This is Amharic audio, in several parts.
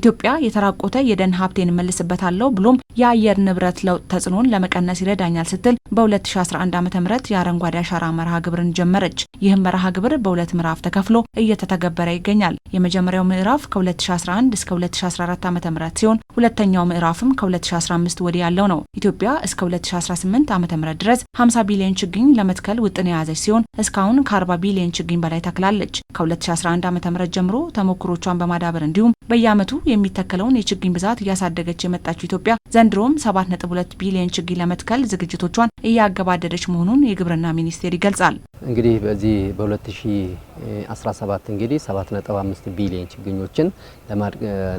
ኢትዮጵያ የተራቆተ የደን ሀብቴን እመልስበታለሁ ብሎም የአየር ንብረት ለውጥ ተጽዕኖን ለመቀነስ ይረዳኛል ስትል በ2011 ዓ ም የአረንጓዴ አሻራ መርሃ ግብርን ጀመረች። ይህም መርሃ ግብር በሁለት ምዕራፍ ተከፍሎ እየተተገበረ ይገኛል። የመጀመሪያው ምዕራፍ ከ2011 እስከ 2014 ዓ ም ሲሆን ሁለተኛው ምዕራፍም ከ2015 ወዲህ ያለው ነው። ኢትዮጵያ እስከ 2018 ዓ ም ድረስ 50 ቢሊዮን ችግኝ ለመትከል ውጥን የያዘች ሲሆን እስካሁን ከ40 ቢሊዮን ችግኝ በላይ ተክላለች። ከ2011 ዓ ም ጀምሮ ተሞክሮቿን በማዳበር እንዲሁም በየዓመቱ የሚተከለውን የችግኝ ብዛት እያሳደገች የመጣችው ኢትዮጵያ ዘንድሮም 7.2 ቢሊዮን ችግኝ ለመትከል ዝግጅቶቿን እያገባደደች መሆኑን የግብርና ሚኒስቴር ይገልጻል። እንግዲህ በዚህ በ2017 እንግዲህ 7.5 ቢሊዮን ችግኞችን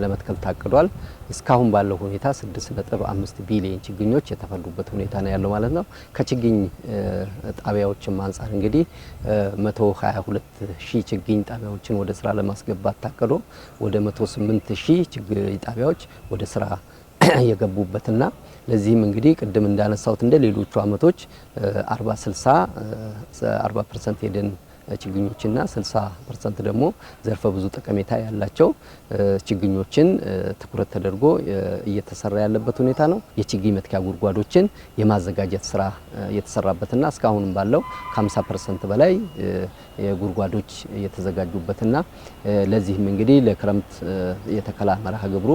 ለመትከል ታቅዷል። እስካሁን ባለው ሁኔታ 6.5 ቢሊዮን ችግኞች የተፈሉበት ሁኔታ ነው ያለው ማለት ነው። ከችግኝ ጣቢያዎችም አንጻር እንግዲህ 122 ሺህ ችግኝ ጣቢያዎችን ወደ ስራ ለማስገባት ታቅዶ ወደ 108 ሺ ሺህ ችግር ጣቢያዎች ወደ ስራ የገቡበትና ለዚህም እንግዲህ ቅድም እንዳነሳሁት እንደ ሌሎቹ አመቶች 40 60 40 ፐርሰንት ሄደን ችግኞችና 60 ፐርሰንት ደግሞ ዘርፈ ብዙ ጠቀሜታ ያላቸው ችግኞችን ትኩረት ተደርጎ እየተሰራ ያለበት ሁኔታ ነው። የችግኝ መትኪያ ጉድጓዶችን የማዘጋጀት ስራ እየተሰራበትና እስካሁንም ባለው ከ50 ፐርሰንት በላይ ጉድጓዶች እየተዘጋጁበትና ለዚህም እንግዲህ ለክረምት የተከላ መርሃ ግብሩ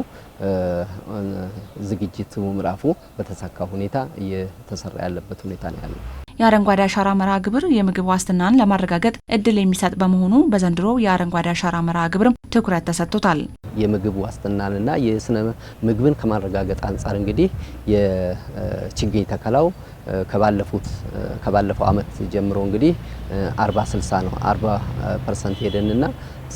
ዝግጅቱ ምዕራፉ በተሳካ ሁኔታ እየተሰራ ያለበት ሁኔታ ነው ያለው። የአረንጓዴ አሻራ መርሃ ግብር የምግብ ዋስትናን ለማረጋገጥ እድል የሚሰጥ በመሆኑ በዘንድሮ የአረንጓዴ አሻራ መርሃ ግብርም ትኩረት ተሰጥቶታል። የምግብ ዋስትናንና የስነ ምግብን ከማረጋገጥ አንጻር እንግዲህ የችግኝ ተከላው ከባለፉት ከባለፈው አመት ጀምሮ እንግዲህ 40 60 ነው 40 ፐርሰንት ሄደንና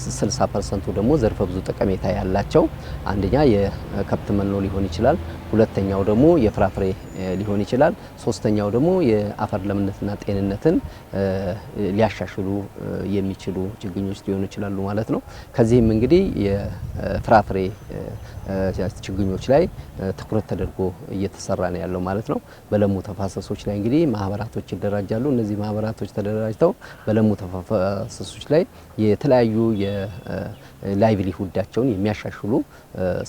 60 ፐርሰንቱ ደግሞ ዘርፈ ብዙ ጠቀሜታ ያላቸው አንደኛ የከብት መኖ ሊሆን ይችላል፣ ሁለተኛው ደግሞ የፍራፍሬ ሊሆን ይችላል፣ ሶስተኛው ደግሞ የአፈር ለምነትና ጤንነትን ሊያሻሽሉ የሚችሉ ችግኞች ሊሆኑ ይችላሉ ማለት ነው። ከዚህም እንግዲህ የፍራፍሬ ችግኞች ላይ ትኩረት ተደርጎ እየተሰራ ነው ያለው ማለት ነው። በለሙ ተፋሰሶች ላይ እንግዲህ ማህበራቶች ይደራጃሉ። እነዚህ ማህበራቶች ተደራጅተው በለሙ ተፋሰሶች ላይ የተለያዩ የላይቭሊሁዳቸውን የሚያሻሽሉ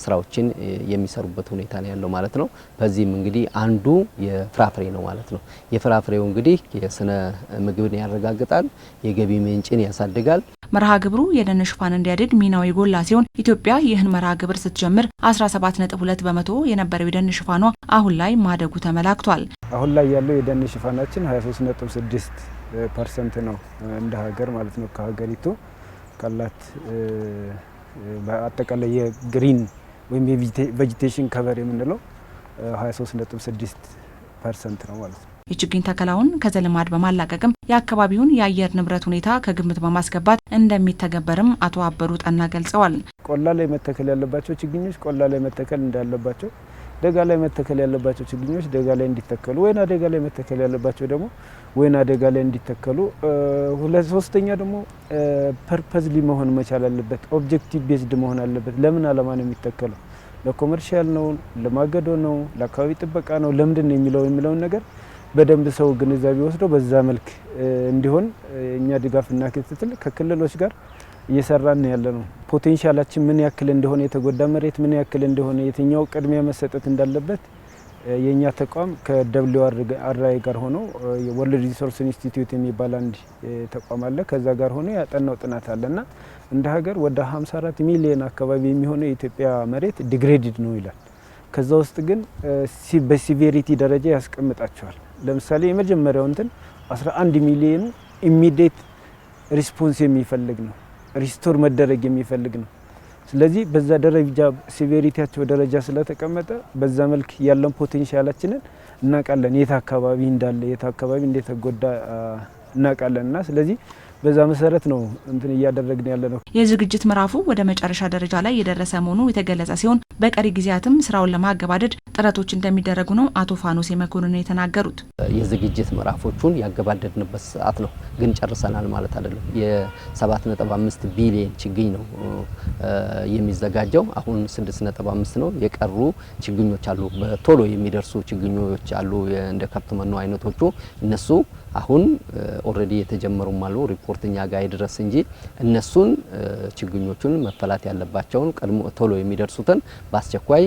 ስራዎችን የሚሰሩበት ሁኔታ ነው ያለው ማለት ነው። በዚህም እንግዲህ አንዱ የፍራፍሬ ነው ማለት ነው። የፍራፍሬው እንግዲህ የስነ ምግብን ያረጋግጣል፣ የገቢ ምንጭን ያሳድጋል። መርሃ ግብሩ የደን ሽፋን እንዲያድግ ሚናው የጎላ ሲሆን ኢትዮጵያ ይህን መርሃ ግብር ስትጀምር 17.2 በመቶ የነበረው የደን ሽፋኗ አሁን ላይ ማደጉ ተመላክቷል። አሁን ላይ ያለው የደን ሽፋናችን 23.6 ፐርሰንት ነው እንደ ሀገር ማለት ነው ከሀገሪቱ ካላት በአጠቃላይ የግሪን ወይም የቬጂቴሽን ከቨር የምንለው 23.6 ፐርሰንት ነው ማለት ነው። የችግኝ ተከላውን ከዘልማድ በማላቀቅም የአካባቢውን የአየር ንብረት ሁኔታ ከግምት በማስገባት እንደሚተገበርም አቶ አበሩ ጠና ገልጸዋል። ቆላ ላይ መተከል ያለባቸው ችግኞች ቆላ ላይ መተከል እንዳለባቸው ደጋ ላይ መተከል ያለባቸው ችግኞች ደጋ ላይ እንዲተከሉ፣ ወይና ደጋ ላይ መተከል ያለባቸው ደግሞ ወይና ደጋ ላይ እንዲተከሉ። ሁለት ሶስተኛ ደግሞ ፐርፐዝሊ መሆን መቻል አለበት። ኦብጀክቲቭ ቤዝድ መሆን አለበት። ለምን አላማ ነው የሚተከለው? ለኮመርሻል ነው? ለማገዶ ነው? ለአካባቢ ጥበቃ ነው? ለምንድን ነው የሚለው የሚለውን ነገር በደንብ ሰው ግንዛቤ ወስዶ በዛ መልክ እንዲሆን እኛ ድጋፍና ክትትል ከክልሎች ጋር እየሰራን ያለ ነው። ፖቴንሻላችን ምን ያክል እንደሆነ፣ የተጎዳ መሬት ምን ያክል እንደሆነ፣ የትኛው ቅድሚያ መሰጠት እንዳለበት የእኛ ተቋም ከደብሊው አር ጋር ሆኖ ወርልድ ሪሶርስ ኢንስቲትዩት የሚባል አንድ ተቋም አለ። ከዛ ጋር ሆኖ ያጠናው ጥናት አለና እንደ ሀገር ወደ 54 ሚሊዮን አካባቢ የሚሆነው የኢትዮጵያ መሬት ዲግሬድድ ነው ይላል። ከዛ ውስጥ ግን በሲቪሪቲ ደረጃ ያስቀምጣቸዋል። ለምሳሌ የመጀመሪያው እንትን 11 ሚሊዮን ኢሚዲየት ሪስፖንስ የሚፈልግ ነው። ሪስቶር መደረግ የሚፈልግ ነው። ስለዚህ በዛ ደረጃ ሲቪሪቲያቸው ደረጃ ስለተቀመጠ በዛ መልክ ያለን ፖቴንሻላችንን እናውቃለን። የት አካባቢ እንዳለ የት አካባቢ እንደተጎዳ እናውቃለን እና ስለዚህ በዛ መሰረት ነው እንትን እያደረግን ያለ ነው። የዝግጅት ምዕራፉ ወደ መጨረሻ ደረጃ ላይ የደረሰ መሆኑ የተገለጸ ሲሆን በቀሪ ጊዜያትም ስራውን ለማገባደድ ጥረቶች እንደሚደረጉ ነው አቶ ፋኖሴ መኮንን የተናገሩት። የዝግጅት ምዕራፎቹን ያገባደድንበት ሰዓት ነው፣ ግን ጨርሰናል ማለት አይደለም። የ7.5 ቢሊየን ችግኝ ነው የሚዘጋጀው። አሁን 6.5 ነው። የቀሩ ችግኞች አሉ፣ በቶሎ የሚደርሱ ችግኞች አሉ፣ እንደ ከብት መኖ አይነቶቹ እነሱ አሁን ኦልሬዲ የተጀመሩም አሉ ሪፖርትኛ ጋር ይድረስ እንጂ እነሱን ችግኞቹን መፈላት ያለባቸውን ቀድሞ ቶሎ የሚደርሱትን በአስቸኳይ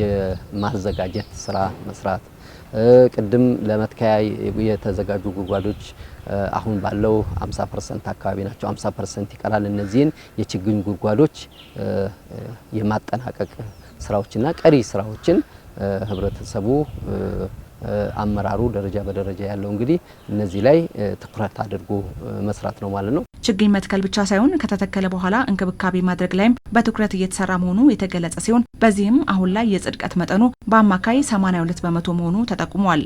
የማዘጋጀት ስራ መስራት ቅድም ለመትከያ የተዘጋጁ ጉድጓዶች አሁን ባለው 50 ፐርሰንት አካባቢ ናቸው። 50 ፐርሰንት ይቀራል። እነዚህን የችግኝ ጉድጓዶች የማጠናቀቅ ስራዎችና ቀሪ ስራዎችን ህብረተሰቡ አመራሩ ደረጃ በደረጃ ያለው እንግዲህ እነዚህ ላይ ትኩረት አድርጎ መስራት ነው ማለት ነው። ችግኝ መትከል ብቻ ሳይሆን ከተተከለ በኋላ እንክብካቤ ማድረግ ላይም በትኩረት እየተሰራ መሆኑ የተገለጸ ሲሆን በዚህም አሁን ላይ የጽድቀት መጠኑ በአማካይ 82 በመቶ መሆኑ ተጠቁሟል።